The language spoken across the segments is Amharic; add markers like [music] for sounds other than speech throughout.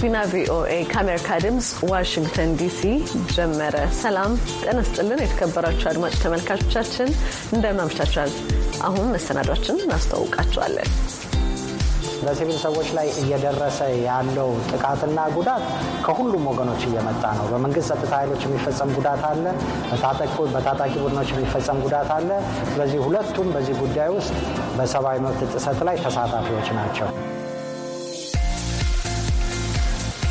ጋቢና ቪኦኤ ከአሜሪካ ድምፅ ዋሽንግተን ዲሲ ጀመረ። ሰላም ጤና ይስጥልን። የተከበራችሁ አድማጭ ተመልካቾቻችን እንደምን አሁን መሰናዷችን እናስተዋውቃችኋለን። በሲቪል ሰዎች ላይ እየደረሰ ያለው ጥቃትና ጉዳት ከሁሉም ወገኖች እየመጣ ነው። በመንግስት ጸጥታ ኃይሎች የሚፈጸም ጉዳት አለ፣ በታጣቂ ቡድኖች የሚፈጸም ጉዳት አለ። ስለዚህ ሁለቱም በዚህ ጉዳይ ውስጥ በሰብአዊ መብት ጥሰት ላይ ተሳታፊዎች ናቸው።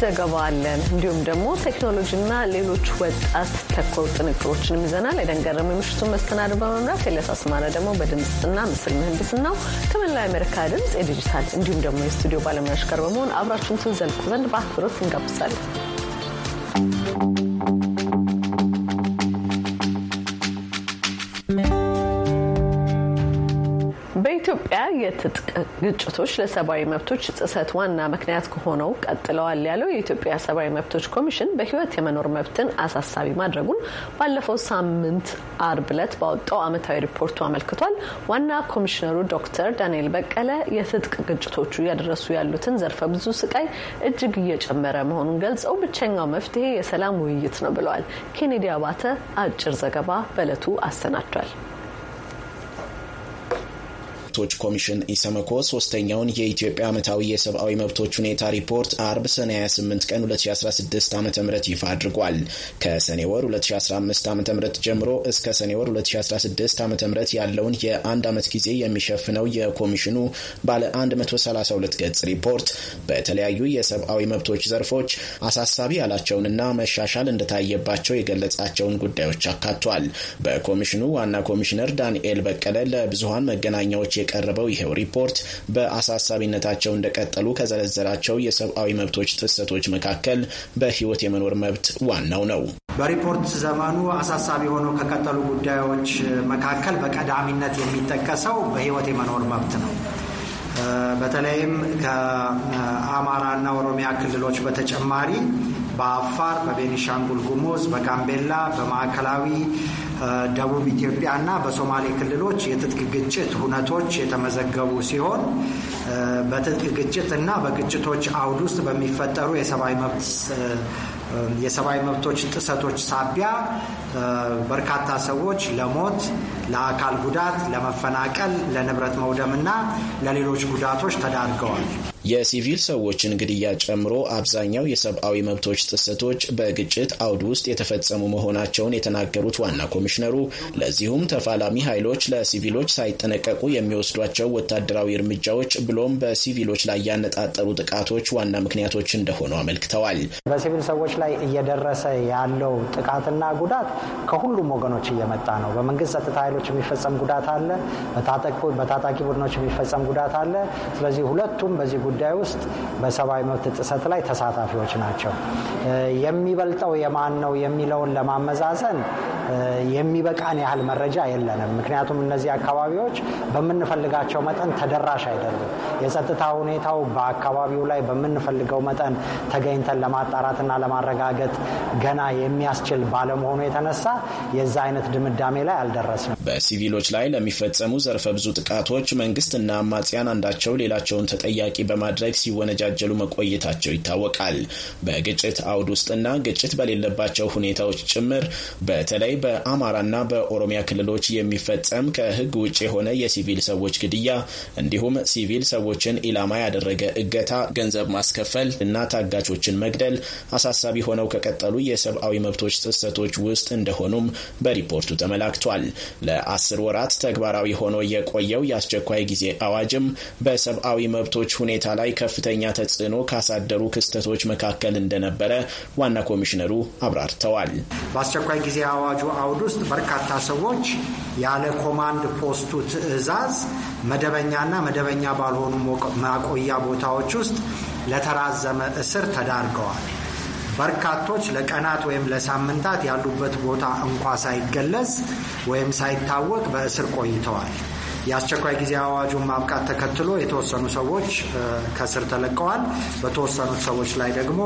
ዘገባ አለን። እንዲሁም ደግሞ ቴክኖሎጂና ሌሎች ወጣት ተኮር ጥንቅሮችንም ይዘናል። የደንገረሙ የምሽቱን መስተናድር በመምራት ኤልያስ አስማረ ደግሞ በድምፅና ምስል ምህንድስ ነው። ከመላ የአሜሪካ ድምፅ የዲጂታል እንዲሁም ደግሞ የስቱዲዮ ባለሙያዎች ጋር በመሆን አብራችሁን ትዘልቁ ዘንድ በአክብሮት እንጋብዛለን። የትጥቅ ግጭቶች ለሰብአዊ መብቶች ጥሰት ዋና ምክንያት ከሆነው ቀጥለዋል ያለው የኢትዮጵያ ሰብአዊ መብቶች ኮሚሽን በሕይወት የመኖር መብትን አሳሳቢ ማድረጉን ባለፈው ሳምንት አርብ ዕለት ባወጣው ዓመታዊ ሪፖርቱ አመልክቷል። ዋና ኮሚሽነሩ ዶክተር ዳንኤል በቀለ የትጥቅ ግጭቶቹ እያደረሱ ያሉትን ዘርፈ ብዙ ስቃይ እጅግ እየጨመረ መሆኑን ገልጸው ብቸኛው መፍትሄ የሰላም ውይይት ነው ብለዋል። ኬኔዲ አባተ አጭር ዘገባ በዕለቱ አሰናድቷል። መብቶች ኮሚሽን ኢሰመኮ ሶስተኛውን የኢትዮጵያ ዓመታዊ የሰብአዊ መብቶች ሁኔታ ሪፖርት አርብ ሰኔ 28 ቀን 2016 ዓ ም ይፋ አድርጓል። ከሰኔ ወር 2015 ዓ ም ጀምሮ እስከ ሰኔ ወር 2016 ዓ ም ያለውን የአንድ ዓመት ጊዜ የሚሸፍነው የኮሚሽኑ ባለ 132 ገጽ ሪፖርት በተለያዩ የሰብአዊ መብቶች ዘርፎች አሳሳቢ ያላቸውንና መሻሻል እንደታየባቸው የገለጻቸውን ጉዳዮች አካቷል። በኮሚሽኑ ዋና ኮሚሽነር ዳንኤል በቀለ ለብዙሀን መገናኛዎች የቀረበው ይሄው ሪፖርት በአሳሳቢነታቸው እንደቀጠሉ ከዘረዘራቸው የሰብአዊ መብቶች ጥሰቶች መካከል በህይወት የመኖር መብት ዋናው ነው። በሪፖርት ዘመኑ አሳሳቢ ሆኖ ከቀጠሉ ጉዳዮች መካከል በቀዳሚነት የሚጠቀሰው በህይወት የመኖር መብት ነው። በተለይም ከአማራና ኦሮሚያ ክልሎች በተጨማሪ በአፋር፣ በቤኒሻንጉል ጉሙዝ፣ በጋምቤላ፣ በማዕከላዊ ደቡብ ኢትዮጵያ እና በሶማሌ ክልሎች የትጥቅ ግጭት ሁነቶች የተመዘገቡ ሲሆን በትጥቅ ግጭት እና በግጭቶች አውድ ውስጥ በሚፈጠሩ የሰብአዊ መብቶች ጥሰቶች ሳቢያ በርካታ ሰዎች ለሞት ለአካል ጉዳት፣ ለመፈናቀል፣ ለንብረት መውደምና ለሌሎች ጉዳቶች ተዳርገዋል። የሲቪል ሰዎችን ግድያ ጨምሮ አብዛኛው የሰብአዊ መብቶች ጥሰቶች በግጭት አውድ ውስጥ የተፈጸሙ መሆናቸውን የተናገሩት ዋና ኮሚሽነሩ ለዚሁም ተፋላሚ ኃይሎች ለሲቪሎች ሳይጠነቀቁ የሚወስዷቸው ወታደራዊ እርምጃዎች ብሎም በሲቪሎች ላይ ያነጣጠሩ ጥቃቶች ዋና ምክንያቶች እንደሆኑ አመልክተዋል። በሲቪል ሰዎች ላይ እየደረሰ ያለው ጥቃትና ጉዳት ከሁሉም ወገኖች እየመጣ ነው። በመንግስት ጸጥታ ኃይሎች የሚፈጸም ጉዳት አለ፣ በታጣቂ ቡድኖች የሚፈጸም ጉዳት አለ። ስለዚህ ሁለቱም በዚህ ጉዳይ ውስጥ በሰብአዊ መብት ጥሰት ላይ ተሳታፊዎች ናቸው። የሚበልጠው የማን ነው የሚለውን ለማመዛዘን የሚበቃን ያህል መረጃ የለንም። ምክንያቱም እነዚህ አካባቢዎች በምንፈልጋቸው መጠን ተደራሽ አይደሉም። የጸጥታ ሁኔታው በአካባቢው ላይ በምንፈልገው መጠን ተገኝተን ለማጣራትና ለማረጋገጥ ገና የሚያስችል ባለመሆኑ የተነሳ የዛ አይነት ድምዳሜ ላይ አልደረስንም። በሲቪሎች ላይ ለሚፈጸሙ ዘርፈ ብዙ ጥቃቶች መንግስትና አማጽያን አንዳቸው ሌላቸውን ተጠያቂ በማድረግ ሲወነጃጀሉ መቆየታቸው ይታወቃል። በግጭት አውድ ውስጥና ግጭት በሌለባቸው ሁኔታዎች ጭምር በተለይ በአማራና በኦሮሚያ ክልሎች የሚፈጸም ከህግ ውጭ የሆነ የሲቪል ሰዎች ግድያ እንዲሁም ሲቪል ሰዎችን ኢላማ ያደረገ እገታ፣ ገንዘብ ማስከፈል እና ታጋቾችን መግደል አሳሳቢ ሆነው ከቀጠሉ የሰብአዊ መብቶች ጥሰቶች ውስጥ እንደሆኑም በሪፖርቱ ተመላክቷል። ለአስር ወራት ተግባራዊ ሆኖ የቆየው የአስቸኳይ ጊዜ አዋጅም በሰብአዊ መብቶች ሁኔታ ላይ ከፍተኛ ተጽዕኖ ካሳደሩ ክስተቶች መካከል እንደነበረ ዋና ኮሚሽነሩ አብራርተዋል። በአስቸኳይ ጊዜ አዋጁ አውድ ውስጥ በርካታ ሰዎች ያለ ኮማንድ ፖስቱ ትዕዛዝ መደበኛና መደበኛ ባልሆኑ ማቆያ ቦታዎች ውስጥ ለተራዘመ እስር ተዳርገዋል። በርካቶች ለቀናት ወይም ለሳምንታት ያሉበት ቦታ እንኳ ሳይገለጽ ወይም ሳይታወቅ በእስር ቆይተዋል። የአስቸኳይ ጊዜ አዋጁን ማብቃት ተከትሎ የተወሰኑ ሰዎች ከእስር ተለቀዋል። በተወሰኑት ሰዎች ላይ ደግሞ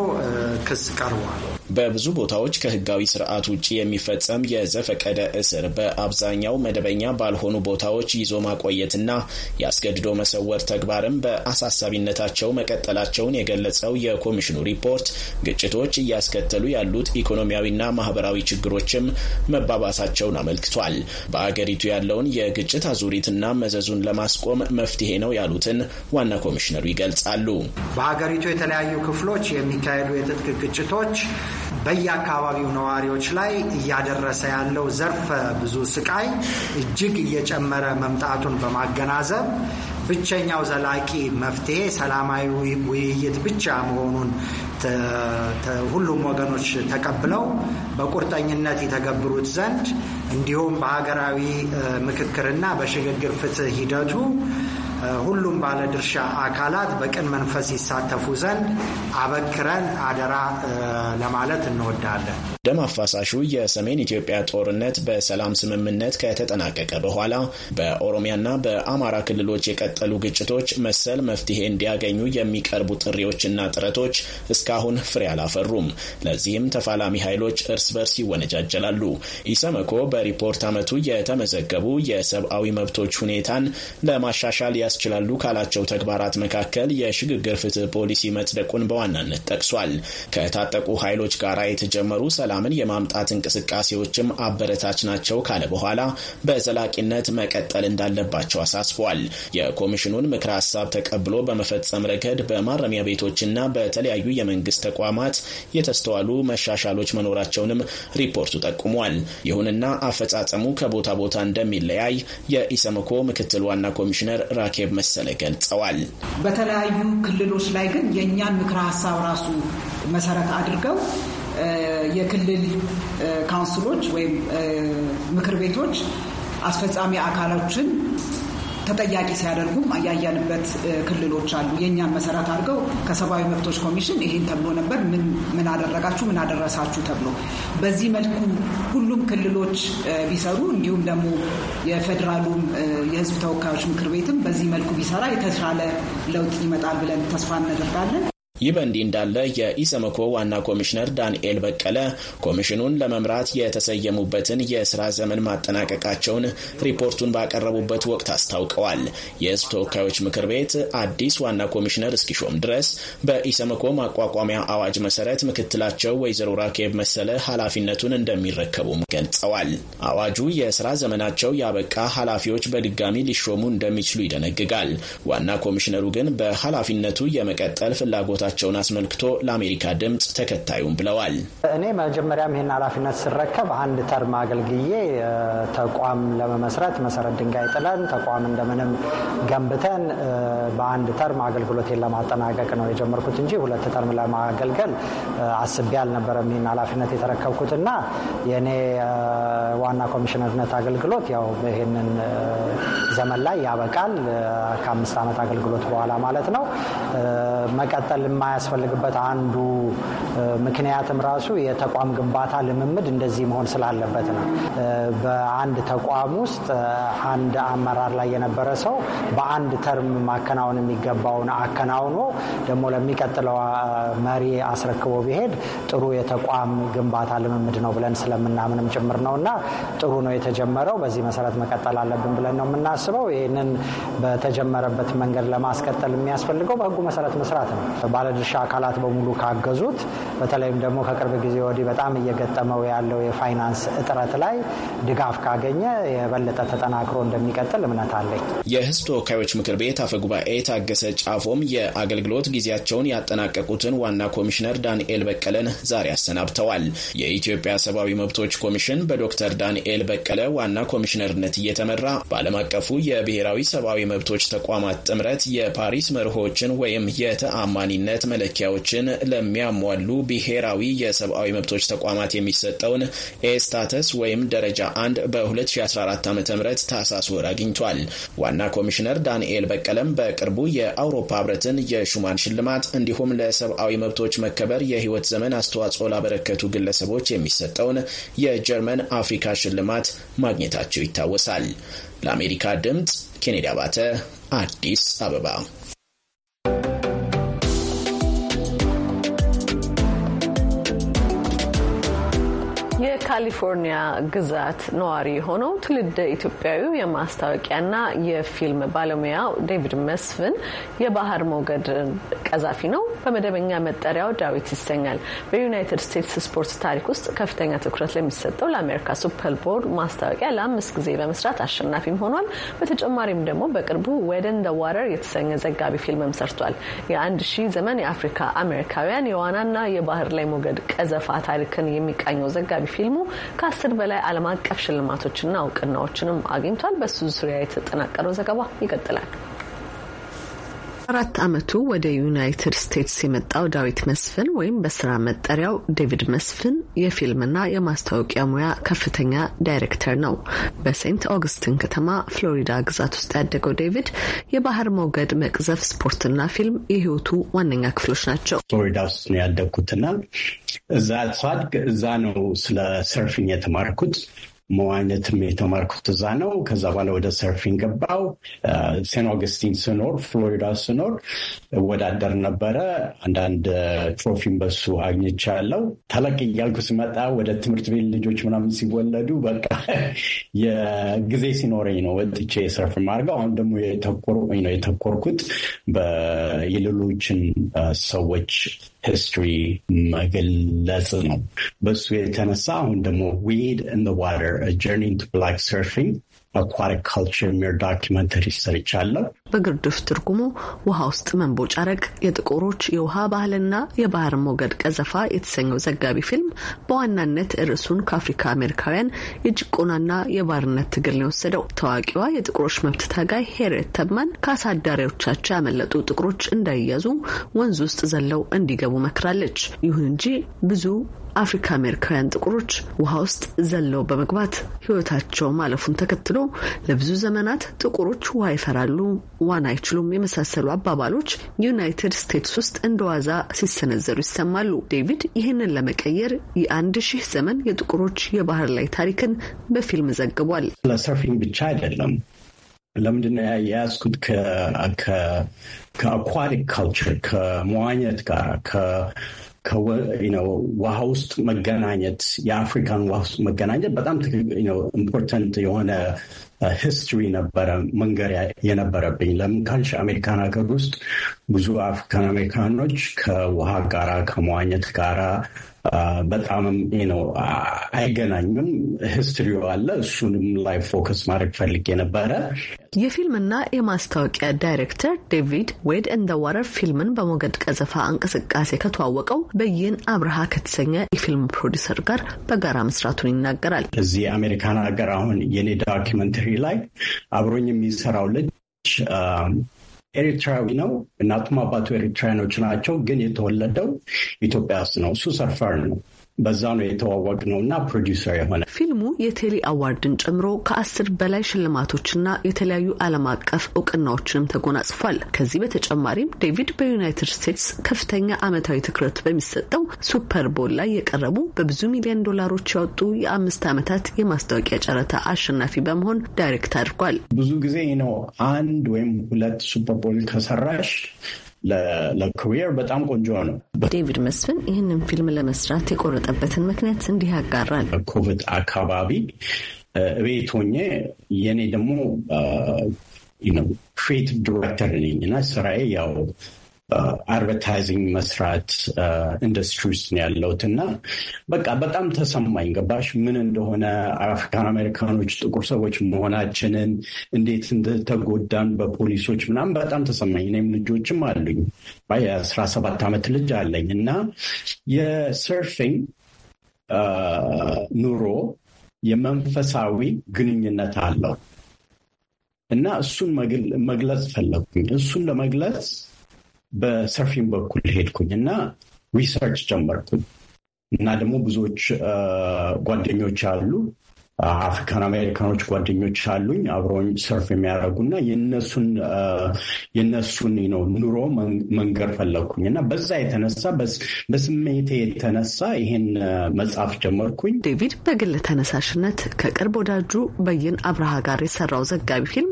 ክስ ቀርቧል። በብዙ ቦታዎች ከህጋዊ ስርዓት ውጭ የሚፈጸም የዘፈቀደ እስር በአብዛኛው መደበኛ ባልሆኑ ቦታዎች ይዞ ማቆየትና የአስገድዶ መሰወር ተግባርም በአሳሳቢነታቸው መቀጠላቸውን የገለጸው የኮሚሽኑ ሪፖርት ግጭቶች እያስከተሉ ያሉት ኢኮኖሚያዊና ማህበራዊ ችግሮችም መባባሳቸውን አመልክቷል። በአገሪቱ ያለውን የግጭት አዙሪትና መዘዙን ለማስቆም መፍትሄ ነው ያሉትን ዋና ኮሚሽነሩ ይገልጻሉ። በሀገሪቱ የተለያዩ ክፍሎች የሚካሄዱ የትጥቅ ግጭቶች በየአካባቢው ነዋሪዎች ላይ እያደረሰ ያለው ዘርፈ ብዙ ስቃይ እጅግ እየጨመረ መምጣቱን በማገናዘብ ብቸኛው ዘላቂ መፍትሄ ሰላማዊ ውይይት ብቻ መሆኑን ሁሉም ወገኖች ተቀብለው በቁርጠኝነት የተገብሩት ዘንድ እንዲሁም በሀገራዊ ምክክርና በሽግግር ፍትህ ሂደቱ ሁሉም ባለድርሻ አካላት በቅን መንፈስ ይሳተፉ ዘንድ አበክረን አደራ ለማለት እንወዳለን። ደም አፋሳሹ የሰሜን ኢትዮጵያ ጦርነት በሰላም ስምምነት ከተጠናቀቀ በኋላ በኦሮሚያና በአማራ ክልሎች የቀጠሉ ግጭቶች መሰል መፍትሄ እንዲያገኙ የሚቀርቡ ጥሪዎችና ጥረቶች እስካሁን ፍሬ አላፈሩም። ለዚህም ተፋላሚ ኃይሎች እርስ በርስ ይወነጃጀላሉ። ኢሰመኮ በሪፖርት ዓመቱ የተመዘገቡ የሰብአዊ መብቶች ሁኔታን ለማሻሻል ያስችላሉ ካላቸው ተግባራት መካከል የሽግግር ፍትህ ፖሊሲ መጽደቁን በዋናነት ጠቅሷል። ከታጠቁ ኃይሎች ጋር የተጀመሩ ሰላምን የማምጣት እንቅስቃሴዎችም አበረታች ናቸው ካለ በኋላ በዘላቂነት መቀጠል እንዳለባቸው አሳስቧል። የኮሚሽኑን ምክረ ሀሳብ ተቀብሎ በመፈጸም ረገድ በማረሚያ ቤቶችና በተለያዩ የመንግስት ተቋማት የተስተዋሉ መሻሻሎች መኖራቸውንም ሪፖርቱ ጠቁሟል። ይሁንና አፈጻጸሙ ከቦታ ቦታ እንደሚለያይ የኢሰመኮ ምክትል ዋና ኮሚሽነር ራኬ አሸብ መሰለ ገልጸዋል። በተለያዩ ክልሎች ላይ ግን የእኛን ምክረ ሀሳብ ራሱ መሰረት አድርገው የክልል ካውንስሎች ወይም ምክር ቤቶች አስፈጻሚ አካሎችን ተጠያቂ ሲያደርጉም ያያንበት ክልሎች አሉ። የእኛን መሰረት አድርገው ከሰብአዊ መብቶች ኮሚሽን ይህን ተብሎ ነበር፣ ምን አደረጋችሁ፣ ምን አደረሳችሁ ተብሎ በዚህ መልኩ ሁሉም ክልሎች ቢሰሩ እንዲሁም ደግሞ የፌዴራሉም የህዝብ ተወካዮች ምክር ቤትም በዚህ መልኩ ቢሰራ የተሻለ ለውጥ ይመጣል ብለን ተስፋ እናደርጋለን። ይህ በእንዲህ እንዳለ የኢሰመኮ ዋና ኮሚሽነር ዳንኤል በቀለ ኮሚሽኑን ለመምራት የተሰየሙበትን የስራ ዘመን ማጠናቀቃቸውን ሪፖርቱን ባቀረቡበት ወቅት አስታውቀዋል። የህዝብ ተወካዮች ምክር ቤት አዲስ ዋና ኮሚሽነር እስኪሾም ድረስ በኢሰመኮ ማቋቋሚያ አዋጅ መሰረት ምክትላቸው ወይዘሮ ራኬብ መሰለ ኃላፊነቱን እንደሚረከቡም ገልጸዋል። አዋጁ የስራ ዘመናቸው ያበቃ ኃላፊዎች በድጋሚ ሊሾሙ እንደሚችሉ ይደነግጋል። ዋና ኮሚሽነሩ ግን በኃላፊነቱ የመቀጠል ፍላጎታ መቀበላቸውን አስመልክቶ ለአሜሪካ ድምፅ ተከታዩም ብለዋል። እኔ መጀመሪያም ይህን ኃላፊነት ስረከብ አንድ ተርም አገልግዬ ተቋም ለመመስረት መሰረት ድንጋይ ጥለን ተቋም እንደምንም ገንብተን በአንድ ተርም አገልግሎቴን ለማጠናቀቅ ነው የጀመርኩት እንጂ ሁለት ተርም ለማገልገል አስቤ አልነበረም። ይህን ኃላፊነት የተረከብኩትና የእኔ ዋና ኮሚሽነርነት አገልግሎት ያው ይህንን ዘመን ላይ ያበቃል። ከአምስት ዓመት አገልግሎት በኋላ ማለት ነው። መቀጠልም የማያስፈልግበት አንዱ ምክንያትም ራሱ የተቋም ግንባታ ልምምድ እንደዚህ መሆን ስላለበት ነው። በአንድ ተቋም ውስጥ አንድ አመራር ላይ የነበረ ሰው በአንድ ተርም ማከናወን የሚገባውን አከናውኖ ደግሞ ለሚቀጥለው መሪ አስረክቦ ቢሄድ ጥሩ የተቋም ግንባታ ልምምድ ነው ብለን ስለምናምንም ጭምር ነው እና ጥሩ ነው የተጀመረው፣ በዚህ መሰረት መቀጠል አለብን ብለን ነው የምናስበው። ይህንን በተጀመረበት መንገድ ለማስቀጠል የሚያስፈልገው በህጉ መሰረት መስራት ነው። ባለድርሻ አካላት በሙሉ ካገዙት፣ በተለይም ደግሞ ከቅርብ ጊዜ ወዲህ በጣም እየገጠመው ያለው የፋይናንስ እጥረት ላይ ድጋፍ ካገኘ የበለጠ ተጠናክሮ እንደሚቀጥል እምነት አለኝ። የህዝብ ተወካዮች ምክር ቤት አፈ ጉባኤ ታገሰ ጫፎም የአገልግሎት ጊዜያቸውን ያጠናቀቁትን ዋና ኮሚሽነር ዳንኤል በቀለን ዛሬ አሰናብተዋል። የኢትዮጵያ ሰብአዊ መብቶች ኮሚሽን በዶክተር ዳንኤል በቀለ ዋና ኮሚሽነርነት እየተመራ በዓለም አቀፉ የብሔራዊ ሰብአዊ መብቶች ተቋማት ጥምረት የፓሪስ መርሆችን ወይም የተአማኒነት ተጠቃሚነት መለኪያዎችን ለሚያሟሉ ብሔራዊ የሰብአዊ መብቶች ተቋማት የሚሰጠውን ኤስታተስ ወይም ደረጃ አንድ በ2014 ዓ ም ታህሳስ ወር አግኝቷል። ዋና ኮሚሽነር ዳንኤል በቀለም በቅርቡ የአውሮፓ ህብረትን የሹማን ሽልማት እንዲሁም ለሰብአዊ መብቶች መከበር የህይወት ዘመን አስተዋጽኦ ላበረከቱ ግለሰቦች የሚሰጠውን የጀርመን አፍሪካ ሽልማት ማግኘታቸው ይታወሳል። ለአሜሪካ ድምፅ ኬኔዲ አባተ አዲስ አበባ የካሊፎርኒያ ግዛት ነዋሪ የሆነው ትውልደ ኢትዮጵያዊው የማስታወቂያና የፊልም ባለሙያው ዴቪድ መስፍን የባህር ሞገድ ቀዛፊ ነው። በመደበኛ መጠሪያው ዳዊት ይሰኛል። በዩናይትድ ስቴትስ ስፖርት ታሪክ ውስጥ ከፍተኛ ትኩረት ለሚሰጠው ለአሜሪካ ሱፐር ቦል ማስታወቂያ ለአምስት ጊዜ በመስራት አሸናፊም ሆኗል። በተጨማሪም ደግሞ በቅርቡ ወደን እንደ ዋረር የተሰኘ ዘጋቢ ፊልምም ሰርቷል። የአንድ ሺህ ዘመን የአፍሪካ አሜሪካውያን የዋናና የባህር ላይ ሞገድ ቀዘፋ ታሪክን የሚቃኘው ዘጋቢ ፊልሙ ከአስር በላይ ዓለም አቀፍ ሽልማቶችና እውቅናዎችንም አግኝቷል። በሱ ዙሪያ የተጠናቀረው ዘገባ ይቀጥላል። አራት ዓመቱ ወደ ዩናይትድ ስቴትስ የመጣው ዳዊት መስፍን ወይም በስራ መጠሪያው ዴቪድ መስፍን የፊልምና የማስታወቂያ ሙያ ከፍተኛ ዳይሬክተር ነው። በሴንት ኦግስትን ከተማ ፍሎሪዳ ግዛት ውስጥ ያደገው ዴቪድ የባህር ሞገድ መቅዘፍ ስፖርትና ፊልም የህይወቱ ዋነኛ ክፍሎች ናቸው። ፍሎሪዳ ውስጥ ነው ያደግኩትና እዛ እዛ ነው ስለ ሰርፊንግ የተማርኩት መዋኘትም የተማርኩት እዛ ነው። ከዛ በኋላ ወደ ሰርፊን ገባው። ሴን ኦገስቲን ስኖር፣ ፍሎሪዳ ስኖር እወዳደር ነበረ። አንዳንድ ትሮፊን በሱ አግኝቻለሁ። ታላቅ እያልኩ ስመጣ ወደ ትምህርት ቤት ልጆች ምናምን ሲወለዱ በቃ [laughs] የጊዜ ሲኖረኝ ነው ወጥቼ ሰርፍ ማድረገው። አሁን ደግሞ ነው የተኮርኩት በሌሎችን ሰዎች history megalism. But we're kind sound, the more weed in the water, a journey to black surfing, አኳሪክ ካልቸር የሚር ዶኪመንተሪ ሰርቻለሁ። በግርድፍ ትርጉሙ ውሃ ውስጥ መንቦጫረቅ የጥቁሮች የውሃ ባህልና የባህር ሞገድ ቀዘፋ የተሰኘው ዘጋቢ ፊልም በዋናነት ርዕሱን ከአፍሪካ አሜሪካውያን የጭቆናና የባርነት ትግል ነው የወሰደው። ታዋቂዋ የጥቁሮች መብት ታጋይ ሄሬት ተብማን ከአሳዳሪዎቻቸው ያመለጡ ጥቁሮች እንዳይያዙ ወንዝ ውስጥ ዘለው እንዲገቡ መክራለች። ይሁን እንጂ ብዙ አፍሪካ አሜሪካውያን ጥቁሮች ውሃ ውስጥ ዘለው በመግባት ህይወታቸው ማለፉን ተከትሎ ለብዙ ዘመናት ጥቁሮች ውሃ ይፈራሉ፣ ዋን አይችሉም የመሳሰሉ አባባሎች ዩናይትድ ስቴትስ ውስጥ እንደ ዋዛ ሲሰነዘሩ ይሰማሉ። ዴቪድ ይህንን ለመቀየር የአንድ ሺህ ዘመን የጥቁሮች የባህር ላይ ታሪክን በፊልም ዘግቧል። ለሰርፊንግ ብቻ አይደለም። ለምንድነው የያዝኩት? ከአኳቲክ ካልቸር ከመዋኘት ጋር ውሃ ውስጥ መገናኘት የአፍሪካን ውሃ ውስጥ መገናኘት በጣም ኢምፖርተንት የሆነ ሂስትሪ uh, ነበረ መንገር የነበረብኝ። ለምን ካልሽ አሜሪካን ሀገር ውስጥ ብዙ አፍሪካን አሜሪካኖች ከውሃ ጋራ ከመዋኘት ጋራ በጣም ነው አይገናኙም። ሂስትሪ አለ። እሱንም ላይ ፎከስ ማድረግ ፈልጌ ነበረ። የፊልምና የማስታወቂያ ዳይሬክተር ዴቪድ ዌድ እንደ ዋረር ፊልምን በሞገድ ቀዘፋ እንቅስቃሴ ከተዋወቀው በይን አብርሃ ከተሰኘ የፊልም ፕሮዲሰር ጋር በጋራ መስራቱን ይናገራል። እዚህ የአሜሪካን ሀገር አሁን የኔ ዳኪመንተሪ ላይ አብሮኝ የሚሰራው ልጅ ኤሪትራዊ ነው። እናቱም አባቱ ኤሪትራያኖች ናቸው። ግን የተወለደው ኢትዮጵያ ውስጥ ነው። እሱ ሰርፈር ነው። በዛ ነው የተዋወቅ ነው እና ፕሮዲውሰር የሆነ ፊልሙ የቴሌ አዋርድን ጨምሮ ከአስር በላይ ሽልማቶችና የተለያዩ ዓለም አቀፍ እውቅናዎችንም ተጎናጽፏል። ከዚህ በተጨማሪም ዴቪድ በዩናይትድ ስቴትስ ከፍተኛ ዓመታዊ ትኩረት በሚሰጠው ሱፐር ቦል ላይ የቀረቡ በብዙ ሚሊዮን ዶላሮች ያወጡ የአምስት ዓመታት የማስታወቂያ ጨረታ አሸናፊ በመሆን ዳይሬክት አድርጓል። ብዙ ጊዜ ነው አንድ ወይም ሁለት ሱፐር ቦል ከሰራሽ ለኮሪየር በጣም ቆንጆ ነው። ዴቪድ መስፍን ይህንን ፊልም ለመስራት የቆረጠበትን ምክንያት እንዲህ ያጋራል። ኮቪድ አካባቢ እቤት ሆኜ የእኔ ደግሞ ክሬቲቭ ዲሬክተር ነኝ እና ስራዬ ያው አድቨርታይዚንግ uh, መስራት ኢንዱስትሪ uh, ውስጥ ነው ያለሁት እና በቃ በጣም ተሰማኝ። ገባሽ ምን እንደሆነ አፍሪካን አሜሪካኖች ጥቁር ሰዎች መሆናችንን እንዴት እንደተጎዳን በፖሊሶች ምናምን በጣም ተሰማኝ። እኔም ልጆችም አሉኝ የአስራ ሰባት ዓመት ልጅ አለኝ እና የሰርፊንግ uh, ኑሮ የመንፈሳዊ ግንኙነት አለው እና እሱን መግለጽ ፈለጉኝ። እሱን ለመግለጽ በሰርፊን በኩል ሄድኩኝ እና ሪሰርች ጀመርኩኝ እና ደግሞ ብዙዎች ጓደኞች አሉ አፍሪካን አሜሪካኖች ጓደኞች አሉኝ አብረውኝ ሰርፍ የሚያደርጉና የነሱን የነሱን ነው ኑሮ መንገር ፈለግኩኝ እና በዛ የተነሳ በስሜቴ የተነሳ ይሄን መጽሐፍ ጀመርኩኝ። ዴቪድ በግል ተነሳሽነት ከቅርብ ወዳጁ በይን አብርሃ ጋር የሰራው ዘጋቢ ፊልም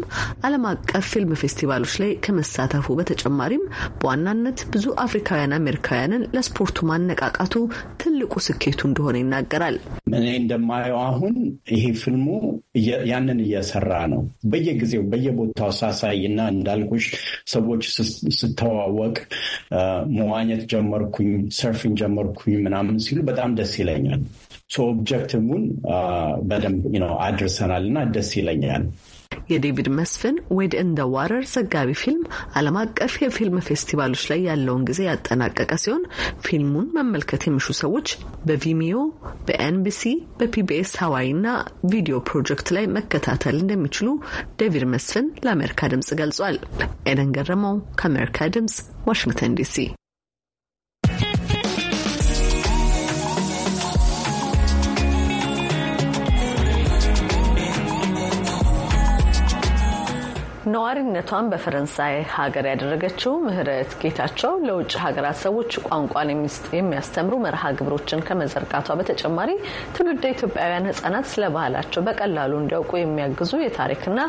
ዓለም አቀፍ ፊልም ፌስቲቫሎች ላይ ከመሳተፉ በተጨማሪም በዋናነት ብዙ አፍሪካውያን አሜሪካውያንን ለስፖርቱ ማነቃቃቱ ትልቁ ስኬቱ እንደሆነ ይናገራል። እኔ እንደማየው አሁን ይሄ ፊልሙ ያንን እየሰራ ነው። በየጊዜው በየቦታው ሳሳይ እና እንዳልኩሽ ሰዎች ስተዋወቅ መዋኘት ጀመርኩኝ፣ ሰርፊን ጀመርኩኝ ምናምን ሲሉ በጣም ደስ ይለኛል። ሶ ኦብጀክቲቭን በደንብ አድርሰናል እና ደስ ይለኛል። የዴቪድ መስፍን ዌድ እንደ ዋረር ዘጋቢ ፊልም ዓለም አቀፍ የፊልም ፌስቲቫሎች ላይ ያለውን ጊዜ ያጠናቀቀ ሲሆን ፊልሙን መመልከት የሚሹ ሰዎች በቪሚዮ፣ በኤንቢሲ፣ በፒቢኤስ ሀዋይ እና ቪዲዮ ፕሮጀክት ላይ መከታተል እንደሚችሉ ዴቪድ መስፍን ለአሜሪካ ድምጽ ገልጿል። ኤደን ገረመው ከአሜሪካ ድምጽ ዋሽንግተን ዲሲ ነዋሪነቷን በፈረንሳይ ሀገር ያደረገችው ምህረት ጌታቸው ለውጭ ሀገራት ሰዎች ቋንቋን የሚያስተምሩ መርሃ ግብሮችን ከመዘርጋቷ በተጨማሪ ትውልደ ኢትዮጵያውያን ህጻናት ስለ ባህላቸው በቀላሉ እንዲያውቁ የሚያግዙ የታሪክና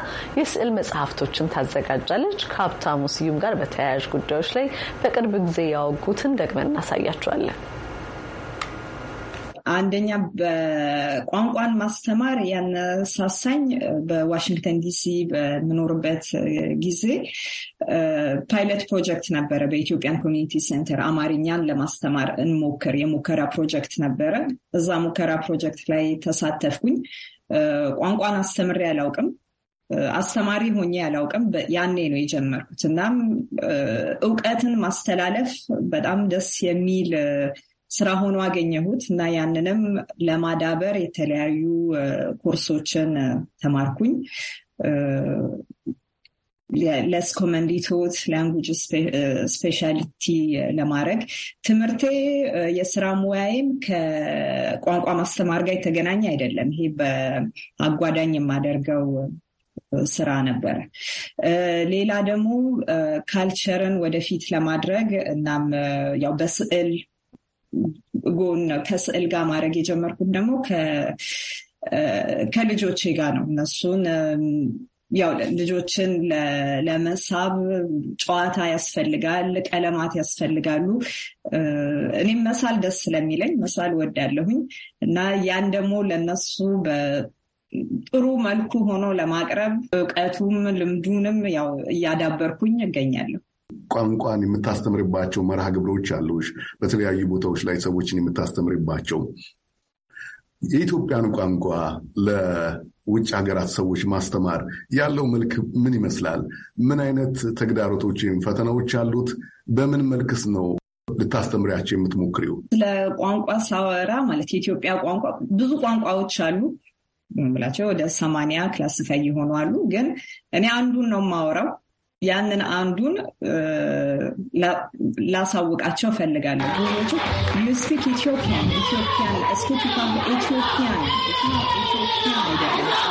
የስዕል መጽሐፍቶችን ታዘጋጃለች። ከሀብታሙ ስዩም ጋር በተያያዥ ጉዳዮች ላይ በቅርብ ጊዜ ያወጉትን ደግመን እናሳያቸዋለን። አንደኛ በቋንቋን ማስተማር ያነሳሳኝ በዋሽንግተን ዲሲ በምኖርበት ጊዜ ፓይለት ፕሮጀክት ነበረ። በኢትዮጵያን ኮሚኒቲ ሴንተር አማርኛን ለማስተማር እንሞክር የሙከራ ፕሮጀክት ነበረ። እዛ ሙከራ ፕሮጀክት ላይ ተሳተፍኩኝ። ቋንቋን አስተምሬ አላውቅም። አስተማሪ ሆኜ አላውቅም። ያኔ ነው የጀመርኩት። እናም እውቀትን ማስተላለፍ በጣም ደስ የሚል ስራ ሆኖ አገኘሁት እና ያንንም ለማዳበር የተለያዩ ኮርሶችን ተማርኩኝ። ለስኮመንዲቶት ላንጉጅ ስፔሻሊቲ ለማድረግ ትምህርቴ የስራ ሙያዬም ከቋንቋ ማስተማር ጋር የተገናኘ አይደለም። ይሄ በአጓዳኝ የማደርገው ስራ ነበረ። ሌላ ደግሞ ካልቸርን ወደፊት ለማድረግ እናም ያው በስዕል ጎን ነው ከስዕል ጋር ማድረግ የጀመርኩት ደግሞ ከልጆቼ ጋር ነው። እነሱን ያው ልጆችን ለመሳብ ጨዋታ ያስፈልጋል፣ ቀለማት ያስፈልጋሉ። እኔም መሳል ደስ ስለሚለኝ መሳል ወዳለሁኝ እና ያን ደግሞ ለነሱ በጥሩ መልኩ ሆኖ ለማቅረብ እውቀቱም ልምዱንም ያው እያዳበርኩኝ እገኛለሁ። ቋንቋን የምታስተምርባቸው መርሃ ግብሮች አሉሽ። በተለያዩ ቦታዎች ላይ ሰዎችን የምታስተምርባቸው የኢትዮጵያን ቋንቋ ለውጭ ሀገራት ሰዎች ማስተማር ያለው መልክ ምን ይመስላል? ምን አይነት ተግዳሮቶች ወይም ፈተናዎች አሉት? በምን መልክስ ነው ልታስተምሪያቸው የምትሞክሪው? ስለ ቋንቋ ሳወራ ማለት የኢትዮጵያ ቋንቋ ብዙ ቋንቋዎች አሉ ብላቸው ወደ ሰማንያ ክላስፋይ የሆኑ አሉ። ግን እኔ አንዱን ነው የማወራው ያንን አንዱን ላሳውቃቸው ፈልጋለሁ። ዩ ስፒክ ኢትዮጵያን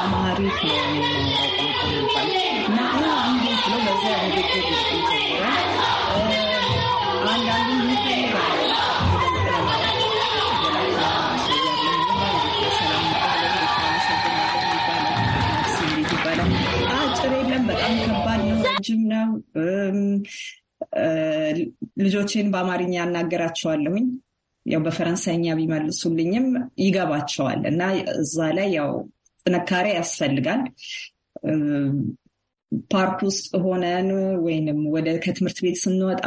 አማሪክ እና አንዱ ብሎ በዚያ ንግግር አንዳንዱ ይፈልጋል ልጅም ነው። ልጆቼን በአማርኛ ያናገራቸዋለሁኝ። ያው በፈረንሳይኛ ቢመልሱልኝም ይገባቸዋል እና እዛ ላይ ያው ጥንካሬ ያስፈልጋል። ፓርክ ውስጥ ሆነን ወይንም ወደ ከትምህርት ቤት ስንወጣ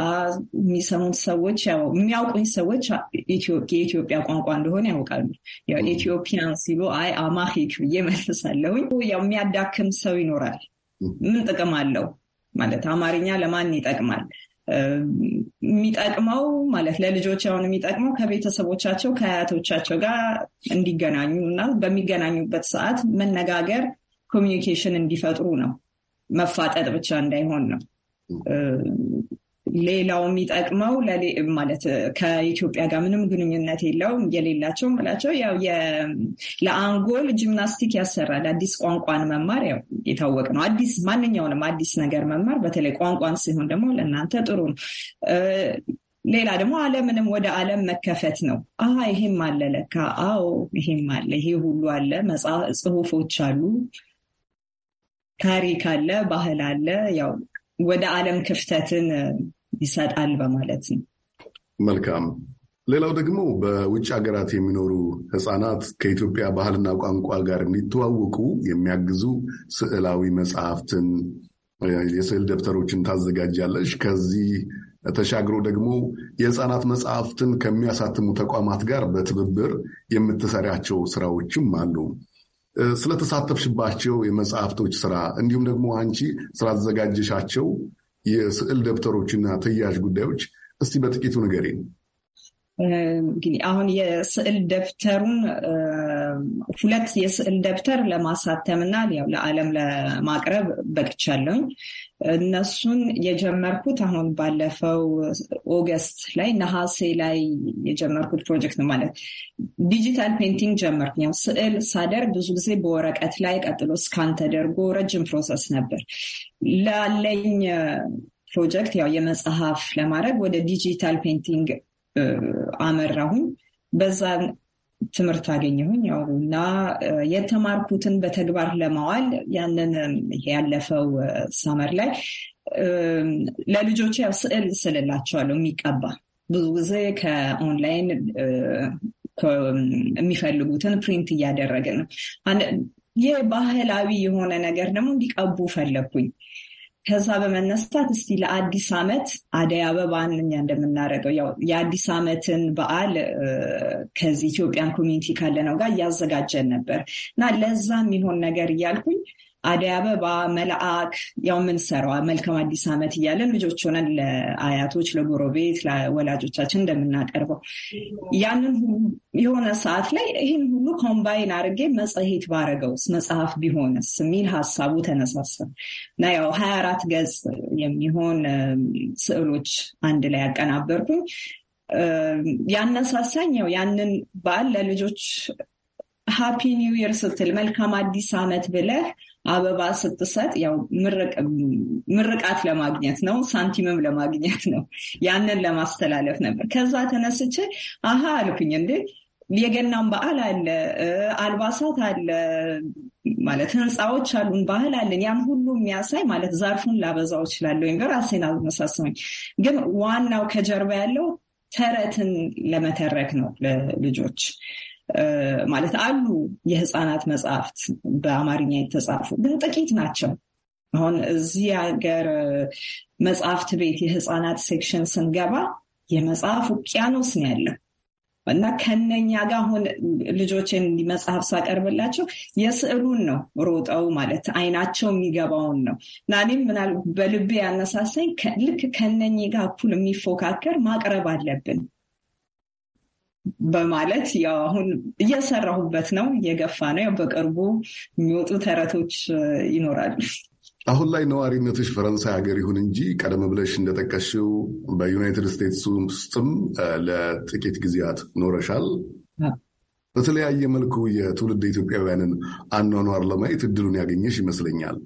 የሚሰሙት ሰዎች ያው የሚያውቁኝ ሰዎች የኢትዮጵያ ቋንቋ እንደሆነ ያውቃሉ። ያው ሲሉ አይ አማሂክ ብዬ መልሳለሁኝ። ያው የሚያዳክም ሰው ይኖራል። ምን ጥቅም አለው? ማለት አማርኛ ለማን ይጠቅማል? የሚጠቅመው ማለት ለልጆች አሁን የሚጠቅመው ከቤተሰቦቻቸው ከአያቶቻቸው ጋር እንዲገናኙ እና በሚገናኙበት ሰዓት መነጋገር ኮሚኒኬሽን እንዲፈጥሩ ነው። መፋጠጥ ብቻ እንዳይሆን ነው። ሌላው የሚጠቅመው ማለት ከኢትዮጵያ ጋር ምንም ግንኙነት የለውም የሌላቸው ምላቸው ያው ለአንጎል ጂምናስቲክ ያሰራል። አዲስ ቋንቋን መማር ያው የታወቀ ነው። አዲስ ማንኛውንም አዲስ ነገር መማር በተለይ ቋንቋን ሲሆን ደግሞ ለእናንተ ጥሩ ነው። ሌላ ደግሞ ዓለምንም ወደ ዓለም መከፈት ነው። አ ይሄም አለ ለካ፣ አዎ ይሄም አለ፣ ይሄ ሁሉ አለ፣ ጽሁፎች አሉ፣ ታሪክ አለ፣ ባህል አለ። ያው ወደ ዓለም ክፍተትን ይሰጣል በማለት ነው። መልካም። ሌላው ደግሞ በውጭ ሀገራት የሚኖሩ ህፃናት ከኢትዮጵያ ባህልና ቋንቋ ጋር እንዲተዋወቁ የሚያግዙ ስዕላዊ መጽሐፍትን፣ የስዕል ደብተሮችን ታዘጋጃለች። ከዚህ ተሻግሮ ደግሞ የህፃናት መጽሐፍትን ከሚያሳትሙ ተቋማት ጋር በትብብር የምትሰራቸው ስራዎችም አሉ። ስለተሳተፍሽባቸው የመጽሐፍቶች ስራ እንዲሁም ደግሞ አንቺ ስላዘጋጀሻቸው የስዕል ደብተሮችና ተያያዥ ጉዳዮች እስቲ በጥቂቱ ንገሪን። እንግዲህ አሁን የስዕል ደብተሩን ሁለት የስዕል ደብተር ለማሳተም ያው ለዓለም ለማቅረብ በቅቻለሁኝ። እነሱን የጀመርኩት አሁን ባለፈው ኦገስት ላይ ነሐሴ ላይ የጀመርኩት ፕሮጀክት ነው። ማለት ዲጂታል ፔንቲንግ ጀመርኩ። ያው ስዕል ሳደርግ ብዙ ጊዜ በወረቀት ላይ ቀጥሎ ስካን ተደርጎ ረጅም ፕሮሰስ ነበር ላለኝ ፕሮጀክት ያው የመጽሐፍ ለማድረግ ወደ ዲጂታል ፔንቲንግ አመራሁኝ። በዛ ትምህርት አገኘሁኝ ያው እና የተማርኩትን በተግባር ለማዋል ያንን ያለፈው ሰመር ላይ ለልጆች ያው ስዕል ስልላቸዋለሁ የሚቀባ ብዙ ጊዜ ከኦንላይን የሚፈልጉትን ፕሪንት እያደረግን ነው። ይህ ባህላዊ የሆነ ነገር ደግሞ እንዲቀቡ ፈለግኩኝ። ከዛ በመነሳት እስቲ ለአዲስ ዓመት አደይ አበባን እኛ እንደምናደርገው ያው የአዲስ ዓመትን በዓል ከዚህ ኢትዮጵያን ኮሚኒቲ ካለነው ጋር እያዘጋጀን ነበር እና ለዛ የሚሆን ነገር እያልኩኝ አደይ አበባ፣ መልአክ ያው የምንሰራዋ መልካም አዲስ ዓመት እያለን ልጆች ሆነን ለአያቶች፣ ለጎረቤት፣ ለወላጆቻችን እንደምናቀርበው ያንን የሆነ ሰዓት ላይ ይህን ሁሉ ኮምባይን አድርጌ መጽሔት ባረገውስ መጽሐፍ ቢሆንስ የሚል ሀሳቡ ተነሳሰ እና ያው ሀያ አራት ገጽ የሚሆን ስዕሎች አንድ ላይ ያቀናበርኩኝ ያነሳሳኝ ያው ያንን በዓል ለልጆች ሃፒ ኒው ይር ስትል መልካም አዲስ ዓመት ብለህ አበባ ስትሰጥ ያው ምርቃት ለማግኘት ነው፣ ሳንቲምም ለማግኘት ነው። ያንን ለማስተላለፍ ነበር። ከዛ ተነስቼ አሀ አልኩኝ እንዴ የገናም በዓል አለ፣ አልባሳት አለ፣ ማለት ህንፃዎች አሉን፣ ባህል አለን። ያን ሁሉ የሚያሳይ ማለት ዛርፉን ላበዛው እችላለሁ ወይም ራሴን አልመሳሰኝ፣ ግን ዋናው ከጀርባ ያለው ተረትን ለመተረክ ነው ለልጆች ማለት አሉ የህፃናት መጽሐፍት በአማርኛ የተጻፉ ግን ጥቂት ናቸው። አሁን እዚህ ሀገር መጽሐፍት ቤት የህፃናት ሴክሽን ስንገባ የመጽሐፍ ውቅያኖስ ነው ያለው እና ከነኛ ጋር አሁን ልጆችን መጽሐፍ ሳቀርብላቸው የስዕሉን ነው ሮጠው ማለት አይናቸው የሚገባውን ነው እና እኔም ምናል በልቤ ያነሳሳኝ ልክ ከነኚህ ጋር እኩል የሚፎካከር ማቅረብ አለብን በማለት ያው አሁን እየሰራሁበት ነው። እየገፋ ነው። ያው በቅርቡ የሚወጡ ተረቶች ይኖራሉ። አሁን ላይ ነዋሪነትሽ ፈረንሳይ ሀገር ይሁን እንጂ ቀደም ብለሽ እንደጠቀሽው በዩናይትድ ስቴትስ ውስጥም ለጥቂት ጊዜያት ኖረሻል። በተለያየ መልኩ የትውልድ ኢትዮጵያውያንን አኗኗር ለማየት እድሉን ያገኘሽ ይመስለኛል።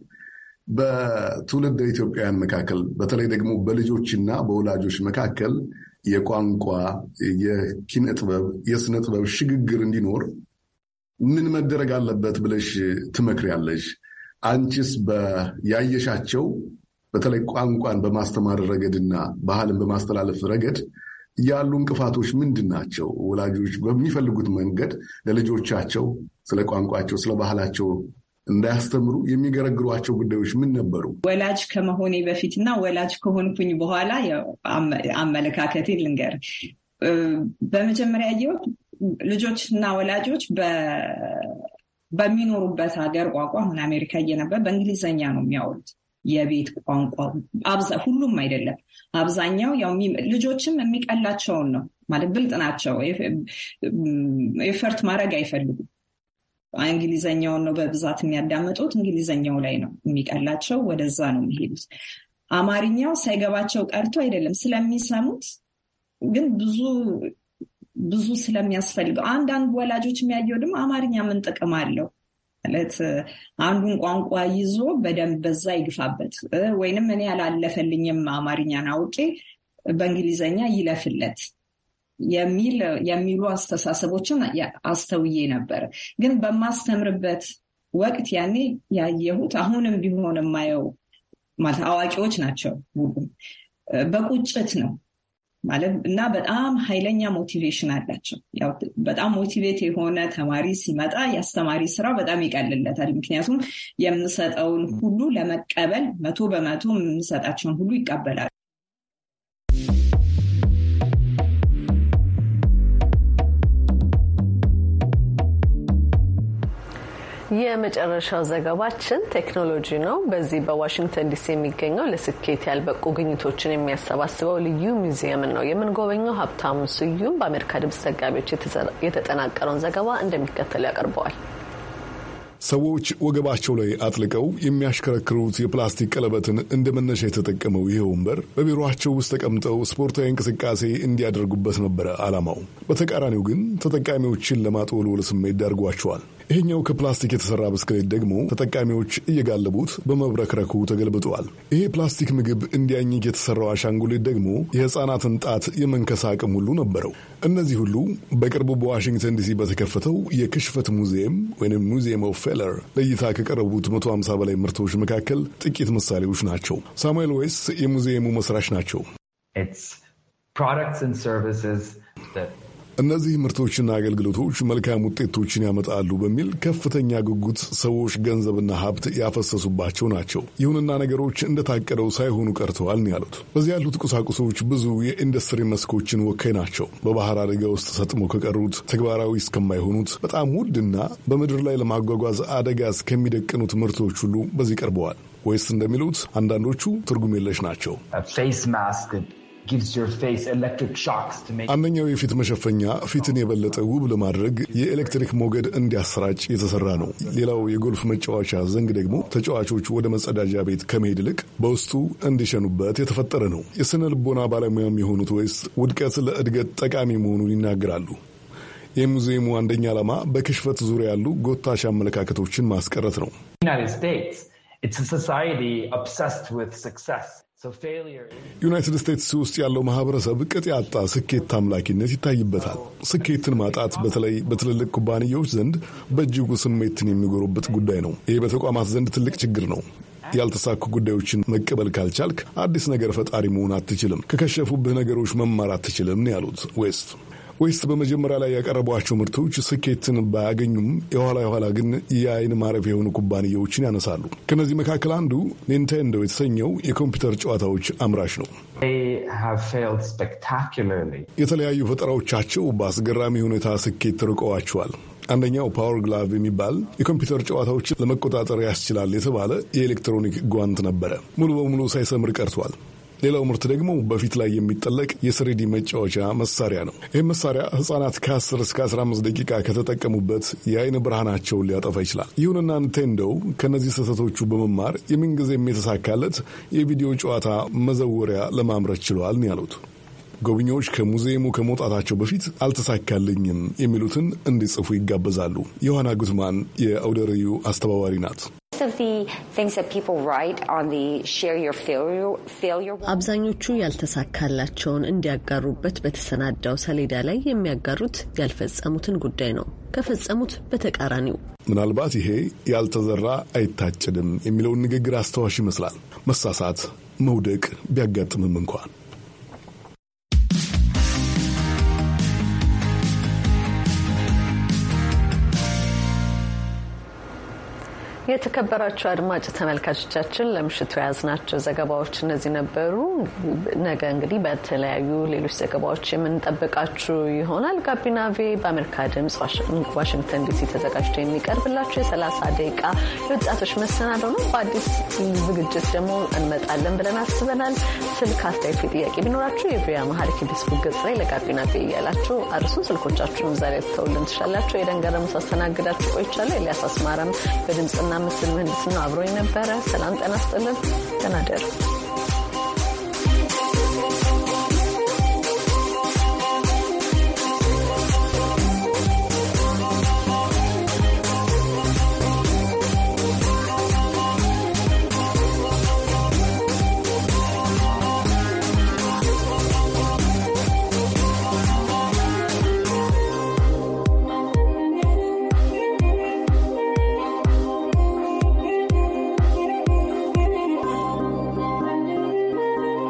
በትውልድ ኢትዮጵያውያን መካከል በተለይ ደግሞ በልጆችና በወላጆች መካከል የቋንቋ የኪነ ጥበብ የስነ ጥበብ ሽግግር እንዲኖር ምን መደረግ አለበት ብለሽ ትመክሪያለሽ? አንቺስ ያየሻቸው በተለይ ቋንቋን በማስተማር ረገድና ባህልን በማስተላለፍ ረገድ ያሉ እንቅፋቶች ምንድን ናቸው? ወላጆች በሚፈልጉት መንገድ ለልጆቻቸው ስለ ቋንቋቸው፣ ስለ ባህላቸው እንዳያስተምሩ የሚገረግሯቸው ጉዳዮች ምን ነበሩ? ወላጅ ከመሆኔ በፊትና ወላጅ ከሆንኩኝ በኋላ አመለካከቴ ልንገር። በመጀመሪያ ያየሁት ልጆች እና ወላጆች በሚኖሩበት ሀገር ቋንቋ አሁን አሜሪካ እየነበር በእንግሊዝኛ ነው የሚያወሩት። የቤት ቋንቋ ሁሉም አይደለም። አብዛኛው ልጆችም የሚቀላቸውን ነው ማለት ብልጥ ናቸው። ኤፈርት ማድረግ አይፈልጉም። እንግሊዘኛውን ነው በብዛት የሚያዳምጡት። እንግሊዘኛው ላይ ነው የሚቀላቸው፣ ወደዛ ነው የሚሄዱት። አማርኛው ሳይገባቸው ቀርቶ አይደለም ስለሚሰሙት ግን ብዙ ብዙ ስለሚያስፈልገው አንዳንድ ወላጆች የሚያየው ደግሞ አማርኛ ምን ጥቅም አለው ማለት አንዱን ቋንቋ ይዞ በደንብ በዛ ይግፋበት፣ ወይንም እኔ ያላለፈልኝም አማርኛን አውቄ በእንግሊዘኛ ይለፍለት የሚል የሚሉ አስተሳሰቦችን አስተውዬ ነበር። ግን በማስተምርበት ወቅት ያኔ ያየሁት አሁንም ቢሆን የማየው ማለት አዋቂዎች ናቸው ሁሉም በቁጭት ነው ማለት እና በጣም ኃይለኛ ሞቲቬሽን አላቸው። በጣም ሞቲቬት የሆነ ተማሪ ሲመጣ የአስተማሪ ስራ በጣም ይቀልለታል። ምክንያቱም የምሰጠውን ሁሉ ለመቀበል መቶ በመቶ የምሰጣቸውን ሁሉ ይቀበላል። የመጨረሻው ዘገባችን ቴክኖሎጂ ነው። በዚህ በዋሽንግተን ዲሲ የሚገኘው ለስኬት ያልበቁ ግኝቶችን የሚያሰባስበው ልዩ ሚዚየም ነው የምንጎበኘው። ሀብታሙ ስዩም በአሜሪካ ድምፅ ዘጋቢዎች የተጠናቀረውን ዘገባ እንደሚከተሉ ያቀርበዋል። ሰዎች ወገባቸው ላይ አጥልቀው የሚያሽከረክሩት የፕላስቲክ ቀለበትን እንደ መነሻ የተጠቀመው ይህ ወንበር በቢሮቸው ውስጥ ተቀምጠው ስፖርታዊ እንቅስቃሴ እንዲያደርጉበት ነበረ ዓላማው። በተቃራኒው ግን ተጠቃሚዎችን ለማጥወልወል ስሜት ዳርጓቸዋል። ይህኛው ከፕላስቲክ የተሰራ ብስክሌት ደግሞ ተጠቃሚዎች እየጋለቡት በመብረክረኩ ተገልብጠዋል። ይሄ ፕላስቲክ ምግብ እንዲያኝክ የተሰራው አሻንጉሊት ደግሞ የህፃናትን ጣት የመንከሳ አቅም ሁሉ ነበረው። እነዚህ ሁሉ በቅርቡ በዋሽንግተን ዲሲ በተከፈተው የክሽፈት ሙዚየም ወይም ሙዚየም ኦፍ ፌለር ለእይታ ከቀረቡት 150 በላይ ምርቶች መካከል ጥቂት ምሳሌዎች ናቸው። ሳሙኤል ወይስ የሙዚየሙ መስራች ናቸው። እነዚህ ምርቶችና አገልግሎቶች መልካም ውጤቶችን ያመጣሉ በሚል ከፍተኛ ጉጉት ሰዎች ገንዘብና ሀብት ያፈሰሱባቸው ናቸው። ይሁንና ነገሮች እንደታቀደው ሳይሆኑ ቀርተዋል ነው ያሉት። በዚህ ያሉት ቁሳቁሶች ብዙ የኢንዱስትሪ መስኮችን ወካይ ናቸው። በባህር አደጋ ውስጥ ሰጥመው ከቀሩት ተግባራዊ እስከማይሆኑት በጣም ውድና በምድር ላይ ለማጓጓዝ አደጋ እስከሚደቅኑት ምርቶች ሁሉ በዚህ ቀርበዋል። ወይስ እንደሚሉት አንዳንዶቹ ትርጉም የለሽ ናቸው። ፌስ ማስክ አንደኛው የፊት መሸፈኛ ፊትን የበለጠ ውብ ለማድረግ የኤሌክትሪክ ሞገድ እንዲያሰራጭ የተሰራ ነው። ሌላው የጎልፍ መጫወቻ ዘንግ ደግሞ ተጫዋቾች ወደ መጸዳጃ ቤት ከመሄድ ይልቅ በውስጡ እንዲሸኑበት የተፈጠረ ነው። የስነ ልቦና ባለሙያም የሆኑት ወይስ ውድቀት ለእድገት ጠቃሚ መሆኑን ይናገራሉ። የሙዚየሙ አንደኛ ዓላማ በክሽፈት ዙሪያ ያሉ ጎታሽ አመለካከቶችን ማስቀረት ነው። ዩናይትድ ስቴትስ ውስጥ ያለው ማህበረሰብ ቅጥ ያጣ ስኬት አምላኪነት ይታይበታል። ስኬትን ማጣት በተለይ በትልልቅ ኩባንያዎች ዘንድ በእጅጉ ስሜትን የሚጎሩበት ጉዳይ ነው። ይህ በተቋማት ዘንድ ትልቅ ችግር ነው። ያልተሳኩ ጉዳዮችን መቀበል ካልቻልክ አዲስ ነገር ፈጣሪ መሆን አትችልም። ከከሸፉብህ ነገሮች መማር አትችልም ያሉት ዌስት። ወይስ በመጀመሪያ ላይ ያቀረቧቸው ምርቶች ስኬትን ባያገኙም የኋላ የኋላ ግን የአይን ማረፍ የሆኑ ኩባንያዎችን ያነሳሉ? ከነዚህ መካከል አንዱ ኒንቴንዶ የተሰኘው የኮምፒውተር ጨዋታዎች አምራች ነው። የተለያዩ ፈጠራዎቻቸው በአስገራሚ ሁኔታ ስኬት ርቀዋቸዋል። አንደኛው ፓወር ግላቭ የሚባል የኮምፒውተር ጨዋታዎችን ለመቆጣጠር ያስችላል የተባለ የኤሌክትሮኒክ ጓንት ነበረ። ሙሉ በሙሉ ሳይሰምር ቀርቷል። ሌላው ምርት ደግሞ በፊት ላይ የሚጠለቅ የስሪዲ መጫወቻ መሳሪያ ነው። ይህ መሳሪያ ህጻናት ከ10 እስከ 15 ደቂቃ ከተጠቀሙበት የአይን ብርሃናቸውን ሊያጠፋ ይችላል። ይሁንና ኒንቴንዶው ከእነዚህ ስህተቶቹ በመማር የምንጊዜም የተሳካለት የቪዲዮ ጨዋታ መዘወሪያ ለማምረት ችለዋል ያሉት። ጎብኚዎች ከሙዚየሙ ከመውጣታቸው በፊት አልተሳካልኝም የሚሉትን እንዲጽፉ ይጋበዛሉ። ዮሐና ጉትማን የአውደ ርዕዩ አስተባባሪ ናት። አብዛኞቹ ያልተሳካላቸውን እንዲያጋሩበት በተሰናዳው ሰሌዳ ላይ የሚያጋሩት ያልፈጸሙትን ጉዳይ ነው ከፈጸሙት በተቃራኒው። ምናልባት ይሄ ያልተዘራ አይታጭድም የሚለውን ንግግር አስታዋሽ ይመስላል። መሳሳት፣ መውደቅ ቢያጋጥምም እንኳን የተከበራቸው አድማጭ ተመልካቾቻችን ለምሽቱ የያዝናቸው ዘገባዎች እነዚህ ነበሩ። ነገ እንግዲህ በተለያዩ ሌሎች ዘገባዎች የምንጠብቃችሁ ይሆናል። ጋቢና ቬ በአሜሪካ ድምጽ ዋሽንግተን ዲሲ ተዘጋጅቶ የሚቀርብላችሁ የ30 ደቂቃ የወጣቶች መሰናዶ ነው። በአዲስ ዝግጅት ደግሞ እንመጣለን ብለን አስበናል። ስልክ አስተያየት፣ ጥያቄ ቢኖራችሁ የቪያ መሀሪክ ፌስቡክ ገጽ ላይ ለጋቢና ቬ እያላችሁ አርሱ ስልኮቻችሁን ዛሬ ተውልን ትሻላችሁ። የደንገረሙ ሳስተናግዳችሁ ቆይቻለሁ። ኤልያስ አስማረም በድምጽና ምስል ምህንድስና አብሮኝ ነበረ። ሰላም ጤና ይስጥልን። ደህና ደሩ።